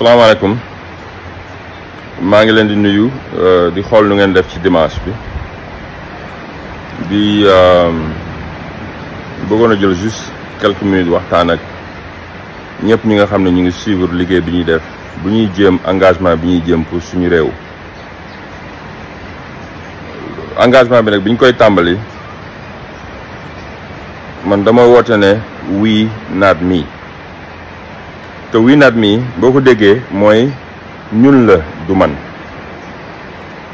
salaamaaleykum maa ngi leen di nuyu euh, di xool nu ngeen def ci dimanche bi bi euh, bëggoon a jël juste quelques minutes waxtaan ak ñëpp ñi nga xam ne ñu ngi suivre liggéey bi ñuy def bu ñuy jéem engagement bi ñuy jéem pour suñu réew engagement bi nag bi ñu koy tàmbali man dama woote ne we not me te we naat me boo ko déggee mooy ñun la du man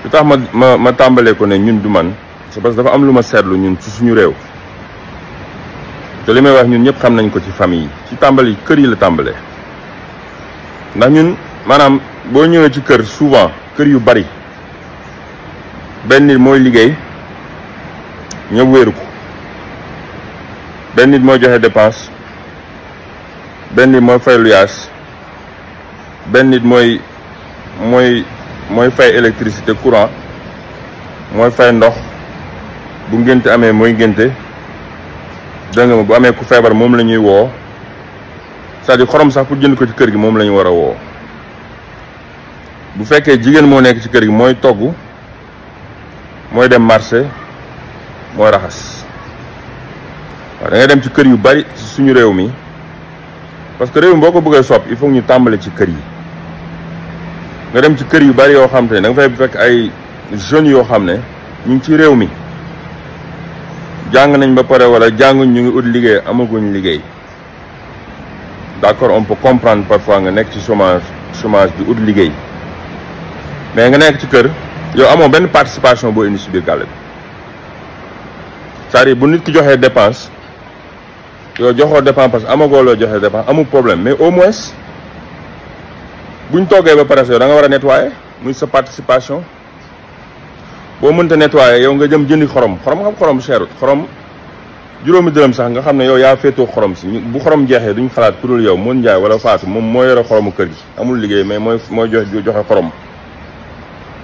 lu tax ma ma ma tàmbalee ko ne ñun du man c'est parce que dafa am lu ma seetlu ñun ci suñu réew te li may wax ñun ñëpp xam nañ ko ci famille yi ci tàmbali kër yi la tàmbalee ndax ñun maanaam boo ñëwee ci kër souvent kër yu bari benn nit mooy liggéey ñëpp wéeru ko benn nit mooy joxe dépense benn nit mooy fay luyaas benn nit mooy mooy mooy fay électricité courant mooy fay ndox bu ngénte amee mooy ngénte dégg nga ma bu amee ku feebar moom la ñuy woo cest à xorom sax pour jënd ko ci kër gi moom la ñu war a woo bu fekkee jigéen moo nekk ci kër gi mooy togg mooy dem marché mooy raxas waaw da dem ci kër yu bari suñu réew mi parce que réew mi boo ko bëggee sopp il faut ñu tàmbale ci kër yi nga dem ci kër yu bari yoo xam te ne da nga fay fekk ay jeunes yoo xam ne ñu ngi ci réew mi jàng nañ ba pare wala jàng ñu ngi ut liggéey amaguñ liggéey d'accord on peut comprendre parfois nga nekk ci chômage chômage di ut liggéey mais nga nekk ci kër yoo amoon benn participation boo indi si biir bi cest à bu nit ki joxee dépense yow joxoo dépense parce que amagoo loo joxe dépense amul problème mais au moins buñ toogee ba pare yow da nga war a nettoyer muy sa participation boo mënta nettoyer yow nga jëm jëndi xorom xorom xam xorom seerut xorom juróomi dërëm sax nga xam ne yow yaa féetoo xorom si bu xorom jeexee duñ xalaat ku dul yow mën njaay wala faatu moom moo yore xoromu kër gi amul liggéey mais mooy mooy joxe joxe xorom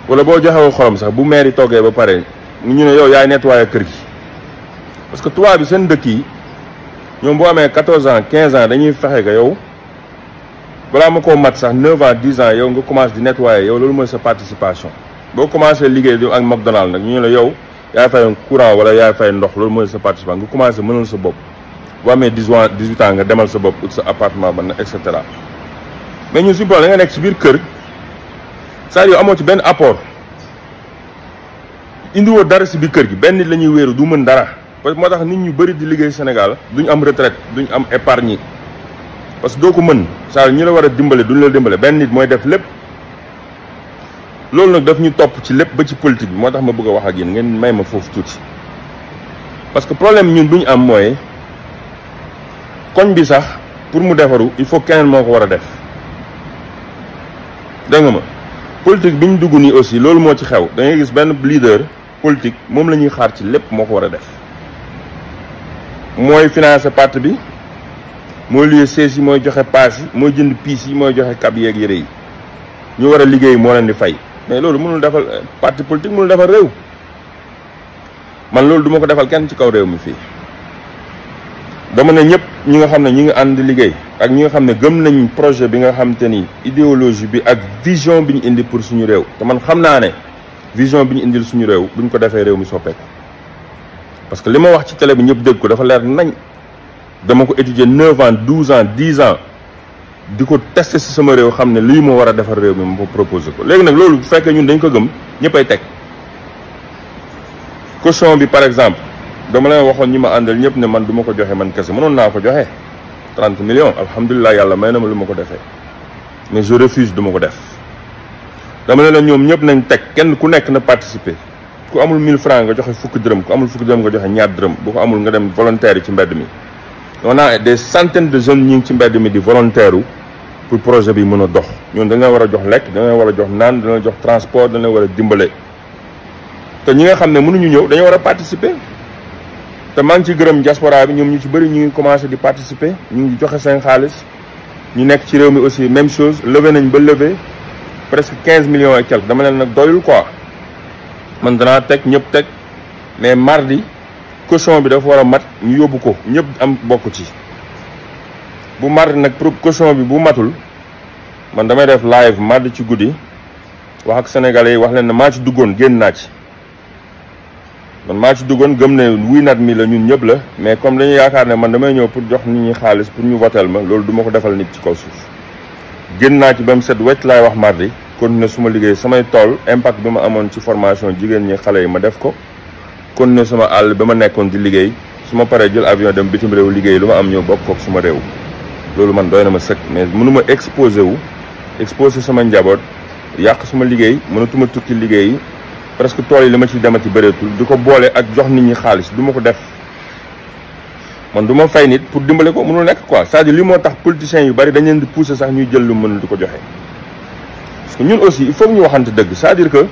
wala boo joxewoo xorom sax bu maire yi toogee ba pare ñu ne yow yaay nettoyer kër gi parce que tubaab ñoom boo amee quatorze ans quinze ans dañuy fexe nga yow balaa ma ko mat sax neuf ans dix ans yow nga commencé di nettoyer yow loolu mooy sa participation boo commencé liggéey di ak McDonald nag ñu ne la yow yaay fay courant wala yaay fay ndox loolu mooy sa participation nga commencé mënal sa bopp boo amee dix ans dix huit ans nga demal sa bopp ut sa appartement ba et cetera mais ñu suñu problème nga nekk si biir kër c'est-à-dire amoo ci benn apport indiwoo dara s biir kër gi benn nit la du mën dara. parce que moo tax nit ñu bëri di liggéey Sénégal ñu am retraite ñu am épargne parce que doo ko mën saa ñu la war a dimbale duñ la dimbale benn nit mooy def lépp loolu nag daf ñu topp ci lépp ba ci politique bi moo tax ma bëgg a wax ak yéen ngeen may ma foofu tuuti parce que problème ñun bu ñu am mooy koñ bi sax pour mu defaru il faut keneen moo ko war a def dégg nga ma politique bi ñu dugg nii aussi loolu moo ci xew da ngay gis benn leader politique moom la xaar ci lépp moo ko war a def mooy financé parti bi mooy luy sees yi mooy joxe paas yi mooy jënd piis yi mooy joxe kab yeeg yére yi ñu war a liggéey moo leen di fay mais loolu mënul defal euh, parti politique mënul defal réew man loolu duma ko defal kenn ci kaw réew mi fii dama ne ñëpp ñi nga xam ne ñi ngi ànd liggéey ak ñi nga xam ne gëm nañ projet bi nga xam te ni idéologie bi ak vision bi ñu indi pour suñu réew te man xam naa ne vision bi ñu indil suñu réew buñ ko defee réew mi soppeeku parce que li ma wax ci tele bi ñëpp dégg ko dafa leer nañ dama ko étudier neuf ans douze ans dix ans di ko tester si sama réew xam ne lii ma war a defar réew mi ma proposé ko léegi nag loolu bu fekkee ñun dañ ko gëm ñëppay teg caution bi par exemple dama leen waxoon ñi ma àndal ñëpp ne man duma ko joxe man kese mënoon naa ko joxe trente millions alhamdulilah yàlla may na ma lu ma ko defee mais je refuse duma ko def dama ne la ñoom ñëpp nañ teg kenn ku nekk na participer. ku amul 1000 francs nga joxe fukk dërëm ku amul fukki dërëm nga joxe ñaar dërëm boo ko amul nga dem volontaire yi ci mbedd mi on a des centaines de jeunes ñi ngi ci mbedd mi di volontaire pour projet bi mën a dox ñoon dañ leen war a jox lekk dañ war a jox naan dañ jox transport dañ war a dimbale te ñi nga xam ne mënuñu ñëw dañoo war a participer te maa ngi ci gërëm diaspora bi ñoom ñu ci bëri ñu ngi commencé di participer ñu ngi joxe seen xaalis ñu nekk ci réew mi aussi même chose levé nañ ba levé presque quinze millions et dama leen nag doyul quoi man danaa teg ñëpp teg mais mardi caution bi dafa war a mat ñu yóbbu ko ñëpp am bokk ci bu mardi nag pour caution bi bu matul man damay def live mardi ci guddi wax ak sénégalais yi wax leen ne maa ci duggoon génn naa ci man maa ci duggoon gëm ne wuy nat mi la ñun ñëpp la mais comme dañu yaakaar ne man damay ñëw pour jox nit ñi xaalis pour ñu voteel ma loolu duma ko defal nit ci kaw suuf génn naa ci ba mu set wecc laay wax mardi continuer suma liggéey samay tool impact bi ma amoon ci formation jigéen ñi xale yi ma def ko continuer sama àll ba ma nekkoon di liggéey su ma paree jël avion dem bitim réew liggéey lu ma am ñëw bokk kook suma réew loolu man doy na ma sëkk mais mënuma exposé wu exposé sama njaboot yàq suma liggéey mënatuma tukki liggéey presque tool yi li ma ci demati bëreetul di ko boole ak jox nit ñi xaalis du ma ko def man du ma fay nit pour dimbale ko mënul nekk quoi c'est-à-dire li moo tax politiciens yu bari dañ leen di pousser sax ñuy jël lu mënul di ko joxe parce que ñun aussi il faut ñu waxante dëgg saa à que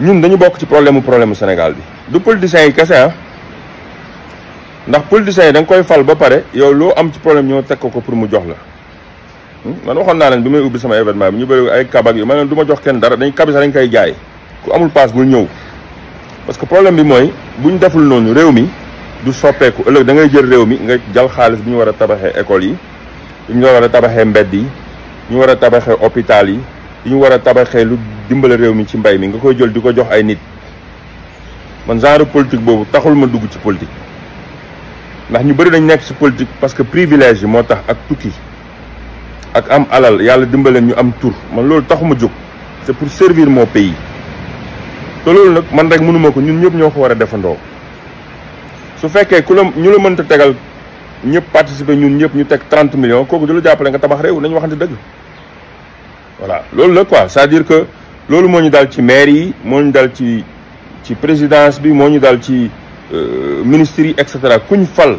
ñun dañu bokk ci problème mu problème Sénégal bi du politiciens yi kese ah. ndax politiciens yi da nga koy fal ba pare yow loo am ci problème ñoo teg ko ko pour mu jox la hmm? man waxoon naa leen bi may ubbi sama événement bi ñu bëri ay kabak yu ma leen du ma jox kenn dara dañ kabisa dañ koy jaay ku amul paas bul ñëw parce que problème bi mooy bu ñu deful noonu réew mi du soppeeku ëllëg da ngay jël réew mi nga jal xaalis bi ñu war a tabaxee école yi bi war a tabaxee mbedd yi ñu war a tabaxee hôpital yi yi ñu war a tabaxee lu dimbale réew mi ci mbay mi nga koy jël di ko jox ay nit man genre politique boobu taxul ma dugg ci politique ndax ñu bari dañ nekk ci politique parce que privilège yi moo tax ak tukki ak am alal yàlla dimbaleen ñu am tur man loolu taxuma jóg c'est pour servir mon pays te loolu nag man rek mënuma ko ñun ñëpp ñoo ko war a defandoo su fekkee ku la ñu la mënta tegal ñëpp participer ñun ñëpp ñu teg 30 millions kooku du la jàppale nga tabax réew nañu dëgg voilà loolu la quoi c'est-à-dire que loolu moo ñu dal ci maire yi moo ñu dal ci ci présidence bi moo ñu dal ci euh, ministres yi et cetera kuñ fal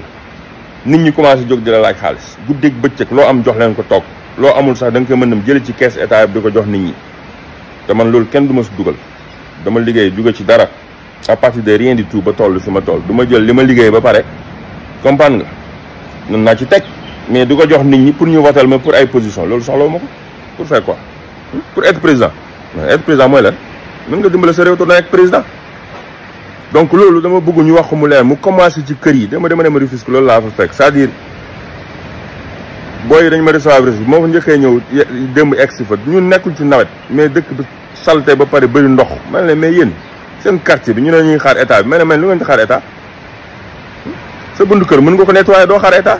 nit ñi commencé jóg di la laaj xaalis guddeeg bëccëg loo am jox leen ko toog loo amul sax danga koy mën a jëlee ci caisse état bi di ko jox nit ñi te man loolu kenn du ma si dugal dama liggéey jóge ci dara à partir de rien di tout ba toll fi ma toll du ma jël li ma liggéey ba pare comprendre nga mën naa ci teg mais du ko jox nit ñi pour ñu votal ma pour ay position loolu soxlawu ma pour faire quoi pour être président être président mooy lan mën nga dimbale sa réew toog na président donc loolu dama bëgg ñu wax mu leer mu commencé ci kër yi dama dama dem Rufisque loolu laa fa fekk c'est-à-dire booy dañ ma recevoir bi moo njëkkee ñëw démb egsi fa ñu nekkul ci nawet mais dëkk salte ba pare bëri ndox ma ne mais yéen seen quartier bi ñu ne ñuy xaar état bi ma ne man lu ngeen di xaar état sa buntu kër mën nga ko nettoyer doo xaar état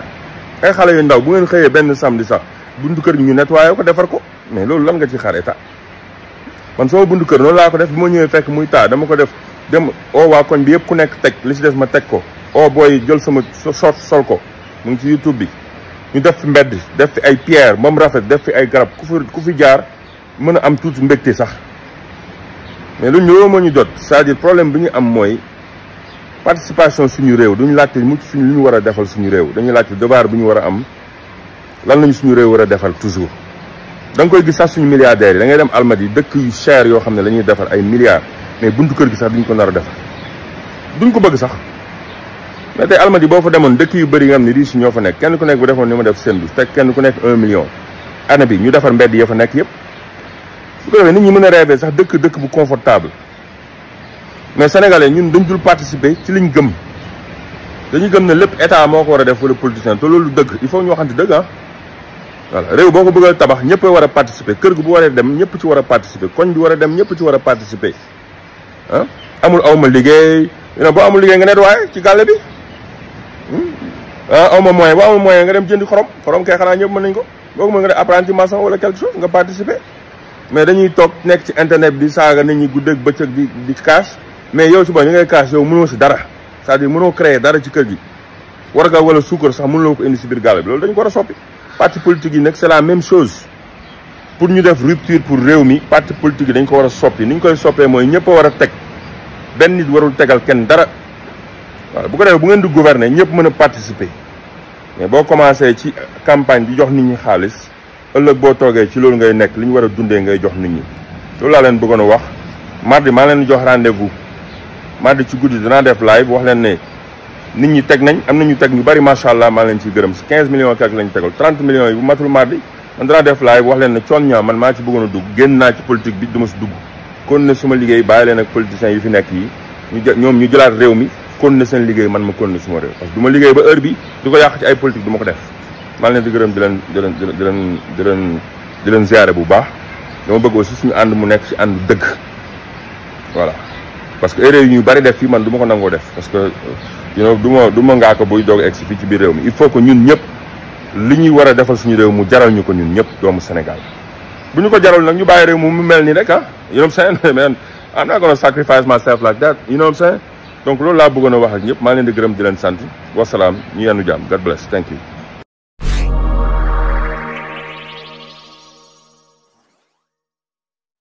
ay xale yu ndaw bu ngeen xëyee benn samedi sax buntu kër bi ñu nettoyer ko defar ko mais loolu lan nga ci xare ta man sama buntu kër noonu laa ko def bi ma ñëwee fekk muy taa dama ko def dem oo waa koñ bi yëpp ku nekk teg li ci des ma teg ko oo booy jël sama sot sol ko mu ngi ci YouTube bi ñu def fi mbedd def fi ay pierre moom rafet def fi ay garab ku fi ku fi jaar mën a am tuuti mbégte sax mais lu ñëwoo ma ñu jot cest problème bi ñu am mooy participation suñu réew duñu laajte mucc suñu lu ñu war a defal suñu réew dañuy laajte devoir bu ñu war a am lan lañu suñu réew war a defal toujours da koy gis sax suñu milliardaires yi da ngay dem Almadies dëkk yu cher yoo xam ne la defar ay milliards mais buntu kër gi sax duñ ko nar a defar duñ ko bëgg sax mais tey Almadies boo fa demoon dëkk yu bëri nga xam ne riche ñoo fa nekk kenn ku nekk bu defoon ni ma def seen bus te kenn ku nekk un million année bi ñu defar mbedd ya fa nekk yëpp su ko defee nit ñi mën a rêver sax dëkk dëkk bu confortable mais sénégalais ñun dañ dul participer ci liñ gëm gëm ne lépp état moo ko war a def wala politicien te loolu dëgg il faut voilà réew boo ko bëggal tabax ñëpp war a participer kër gi bu waree dem ñëpp ci war a participer koñ bi war a dem ñëpp ci war a participer ah amul awma liggéey non boo amul liggéey nga net waaye ci gàlle bi hmm? ah awma moyen boo amul moyen nga dem jëndi xorom xorom kay xanaa ñëpp mën nañ ko boo mën nga def apprenti maçon wala quelque chose nga participer mais dañuy toog nekk ci internet bi di saaga nit ñi guddeeg bëccëg di di cash mais yow ci ba ñu ngay cash yow mënoo si dara c'est-à-dire dara ci kër gi war nga wala suukar sax mënuloo ko indi si biir gàlle bi loolu dañ ko war parti politique yi nag c'est la même chose pour ñu def rupture pour réew mi parti politique yi dañ ko war a soppi ni ñu koy soppee mooy ñëpp war a teg benn nit warul tegal kenn dara bu ko defee bu ngeen di gouverner ñëpp mën a participer mais boo commencé ci campagne di jox nit ñi xaalis ëllëg boo toogee ci loolu ngay nekk li ñu war a dundee ngay jox nit ñi loolu laa leen bëggoon a wax mardi maa leen jox rendez-vous mardi ci guddi danaa def live wax leen ne nit ñi teg nañ am na ñu teg ñu bari macha allah maa leen ci gërëm si 15 millions quelque lañ tegal 30 millions yi bu matul mardi man danaa def laay wax leen ne coon man maa ci bëggoon dugg génn naa ci politique bi du ma si dugg kon ne suma liggéey bàyyi leen ak politiciens yi fi nekk yi ñu ñu jëlaat réew mi kon ne seen liggéey man ma kon ne suma réew parce que du liggéey ba heure bi di ko yàq ci ay politique du ko def maa leen di gërëm di leen di leen di leen di leen di leen ziare bu baax dama bëgg aussi suñu ànd mu nekk si ànd dëgg voilà parce que erreur yi ñu bari def fii man du ko nangoo def parce que yow du ma du ma ngaa ko buy doog egsi fii ci biir réew mi il faut que ñun ñëpp li ñuy war a defal suñu réew mu jaral ñu ko ñun ñëpp doomu Sénégal bu ñu ko jaral nag ñu bàyyi réew mu mu mel nii rek ah you know what I'm saying man I'm not gonna sacrifice myself like that you know what donc loolu laa bëggoon a wax ak ñëpp maa leen di gërëm di leen sant wasalaam ñu yennu jàmm God bless thank you